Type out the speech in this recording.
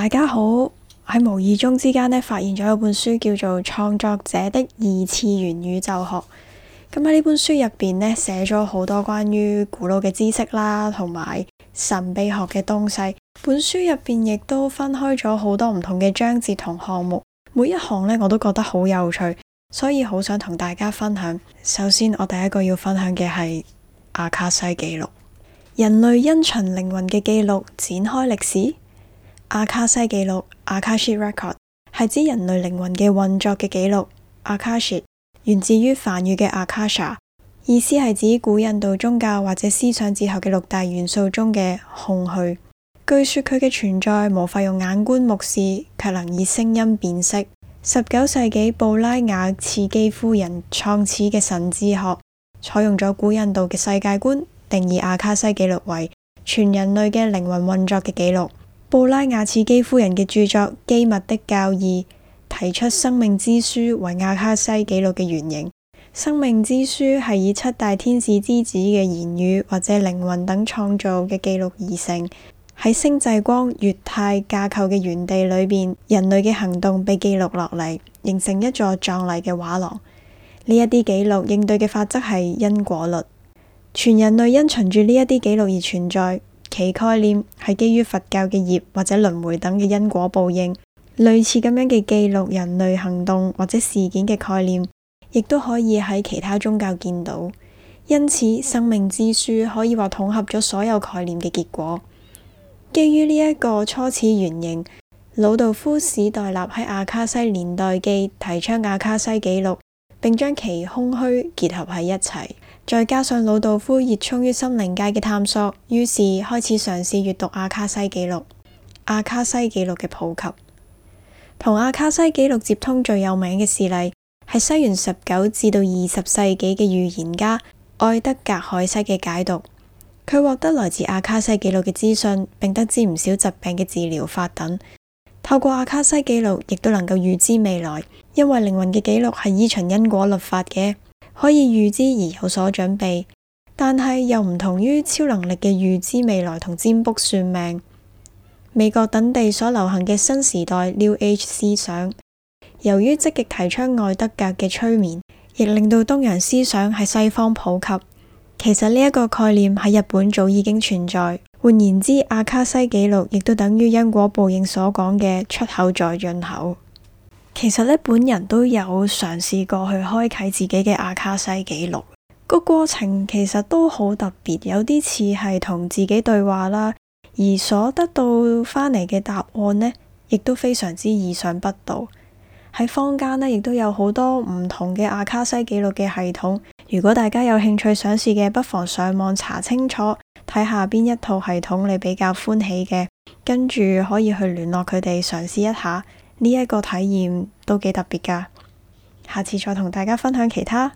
大家好，喺無意中之間呢發現咗一本書叫做《創作者的異次元宇宙學》。咁喺呢本書入邊呢寫咗好多關於古老嘅知識啦，同埋神秘學嘅東西。本書入邊亦都分開咗好多唔同嘅章節同項目，每一行呢我都覺得好有趣，所以好想同大家分享。首先，我第一個要分享嘅係阿卡西記錄，人類因循靈魂嘅記錄展開歷史。阿卡西記錄 a k a s h i Record） 係指人類靈魂嘅運作嘅記錄。阿卡西，Record，阿卡西源自於梵語嘅阿卡莎，意思係指古印度宗教或者思想之後嘅六大元素中嘅空虛。據說佢嘅存在無法用眼觀目視，卻能以聲音辨識。十九世紀布拉瓦茨基夫人創始嘅神之學採用咗古印度嘅世界觀，定義阿卡西記錄為全人類嘅靈魂運作嘅記錄。布拉雅茨基夫人嘅著作《機密的教義》提出生命之書為阿卡西記錄嘅原型。生命之書係以七大天使之子嘅言語或者靈魂等創造嘅記錄而成。喺星際光月態架構嘅原地裏邊，人類嘅行動被記錄落嚟，形成一座壯麗嘅畫廊。呢一啲記錄應對嘅法則係因果律。全人類因循住呢一啲記錄而存在。其概念係基於佛教嘅業或者輪迴等嘅因果報應，類似咁樣嘅記錄人類行動或者事件嘅概念，亦都可以喺其他宗教見到。因此，生命之書可以話統合咗所有概念嘅結果。基於呢一個初始原型，魯道夫史代納喺阿卡西年代記提倡阿卡西記錄，並將其空虛結合喺一齊。再加上魯道夫熱衷於心靈界嘅探索，於是開始嘗試閱讀阿卡西記錄。阿卡西記錄嘅普及，同阿卡西記錄接通最有名嘅事例，係西元十九至到二十世紀嘅預言家愛德格海西嘅解讀。佢獲得來自阿卡西記錄嘅資訊，並得知唔少疾病嘅治療法等。透過阿卡西記錄，亦都能夠預知未來，因為靈魂嘅記錄係依循因果律法嘅。可以預知而有所準備，但係又唔同於超能力嘅預知未來同占卜算命。美國等地所流行嘅新時代 New Age 思想，由於積極提倡愛德格嘅催眠，亦令到東洋思想喺西方普及。其實呢一個概念喺日本早已經存在。換言之，阿卡西記錄亦都等於因果報應所講嘅出口在入口。其實咧，本人都有嘗試過去開啟自己嘅阿卡西記錄，個過程其實都好特別，有啲似係同自己對話啦。而所得到翻嚟嘅答案呢，亦都非常之意想不到。喺坊間呢，亦都有好多唔同嘅阿卡西記錄嘅系統。如果大家有興趣嘗試嘅，不妨上網查清楚，睇下邊一套系統你比較歡喜嘅，跟住可以去聯絡佢哋嘗試一下。呢一個體驗都幾特別噶，下次再同大家分享其他。